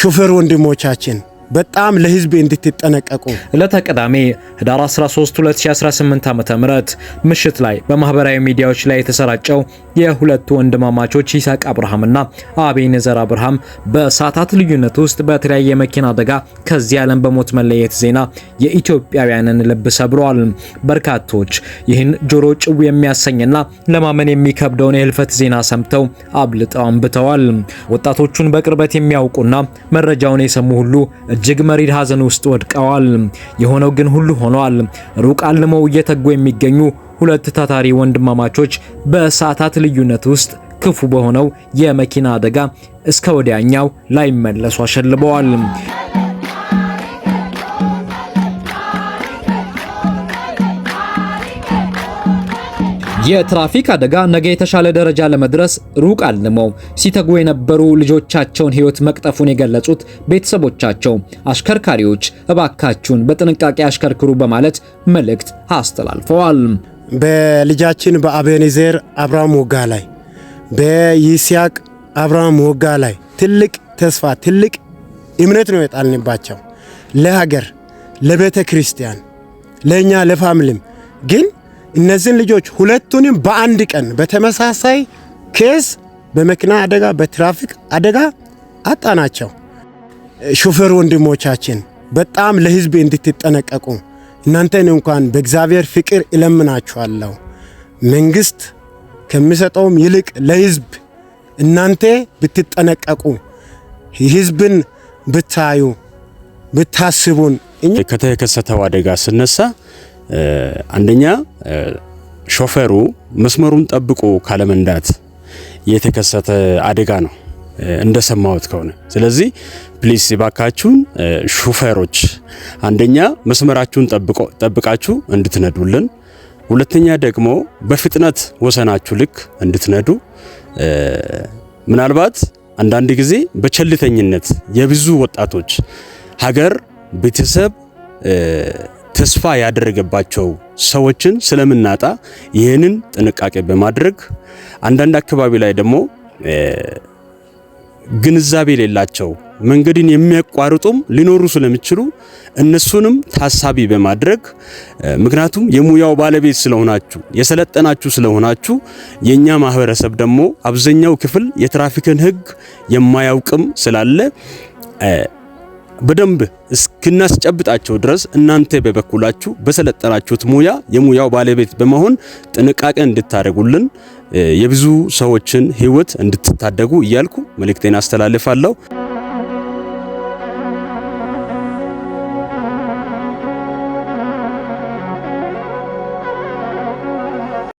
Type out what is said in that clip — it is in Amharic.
ሹፌር ወንድሞቻችን በጣም ለህዝብ እንድትጠነቀቁ። ዕለተ ቅዳሜ ህዳር 13 2018 ዓ.ም ምሽት ላይ በማህበራዊ ሚዲያዎች ላይ የተሰራጨው የሁለቱ ወንድማማቾች ይስሐቅ አብርሃምና አቤኔዘር አብርሃም በሰዓታት ልዩነት ውስጥ በተለያየ መኪና አደጋ ከዚህ ዓለም በሞት መለየት ዜና የኢትዮጵያውያንን ልብ ሰብሯል። በርካቶች ይህን ጆሮ ጭው የሚያሰኝና ለማመን የሚከብደውን የህልፈት ዜና ሰምተው አብልጠው አንብተዋል። ወጣቶቹን በቅርበት የሚያውቁና መረጃውን የሰሙ ሁሉ እጅግ መሪር ሐዘን ውስጥ ወድቀዋል። የሆነው ግን ሁሉ ሆኗል ሩቅ አልመው እየተጉ የሚገኙ ሁለት ታታሪ ወንድማማቾች በሰዓታት ልዩነት ውስጥ ክፉ በሆነው የመኪና አደጋ እስከ ወዲያኛው ላይመለሱ አሸልበዋል። የትራፊክ አደጋ ነገ የተሻለ ደረጃ ለመድረስ ሩቅ አልመው ሲተጉ የነበሩ ልጆቻቸውን ሕይወት መቅጠፉን የገለጹት ቤተሰቦቻቸው አሽከርካሪዎች እባካችሁን በጥንቃቄ አሽከርክሩ በማለት መልእክት አስተላልፈዋል። በልጃችን በአቤኔዜር አብርሃም ወጋ ላይ በይስያቅ አብርሃም ወጋ ላይ ትልቅ ተስፋ ትልቅ እምነት ነው የጣልንባቸው ለሀገር፣ ለቤተ ክርስቲያን፣ ለእኛ ለፋምልም ግን እነዚህን ልጆች ሁለቱንም በአንድ ቀን በተመሳሳይ ኬስ በመኪና አደጋ በትራፊክ አደጋ አጣናቸው። ሹፌር ወንድሞቻችን በጣም ለህዝብ እንድትጠነቀቁ እናንተን እንኳን በእግዚአብሔር ፍቅር እለምናችኋለሁ። መንግስት ከሚሰጠውም ይልቅ ለህዝብ እናንተ ብትጠነቀቁ፣ ህዝብን ብታዩ፣ ብታስቡን ከተከሰተው አደጋ ስነሳ አንደኛ ሾፌሩ መስመሩን ጠብቆ ካለመንዳት የተከሰተ አደጋ ነው እንደሰማሁት ከሆነ። ስለዚህ ፕሊስ ባካችሁን ሹፌሮች አንደኛ መስመራችሁን ጠብቃችሁ እንድትነዱልን፣ ሁለተኛ ደግሞ በፍጥነት ወሰናችሁ ልክ እንድትነዱ። ምናልባት አንዳንድ ጊዜ በቸልተኝነት የብዙ ወጣቶች ሀገር፣ ቤተሰብ ተስፋ ያደረገባቸው ሰዎችን ስለምናጣ ይህንን ጥንቃቄ በማድረግ አንዳንድ አካባቢ ላይ ደግሞ ግንዛቤ የሌላቸው መንገድን የሚያቋርጡም ሊኖሩ ስለሚችሉ እነሱንም ታሳቢ በማድረግ ምክንያቱም የሙያው ባለቤት ስለሆናችሁ የሰለጠናችሁ ስለሆናችሁ የእኛ ማህበረሰብ ደግሞ አብዛኛው ክፍል የትራፊክን ሕግ የማያውቅም ስላለ በደንብ እስክናስጨብጣቸው ድረስ እናንተ በበኩላችሁ በሰለጠናችሁት ሙያ የሙያው ባለቤት በመሆን ጥንቃቄ እንድታደርጉልን የብዙ ሰዎችን ሕይወት እንድትታደጉ እያልኩ መልእክቴን አስተላልፋለሁ።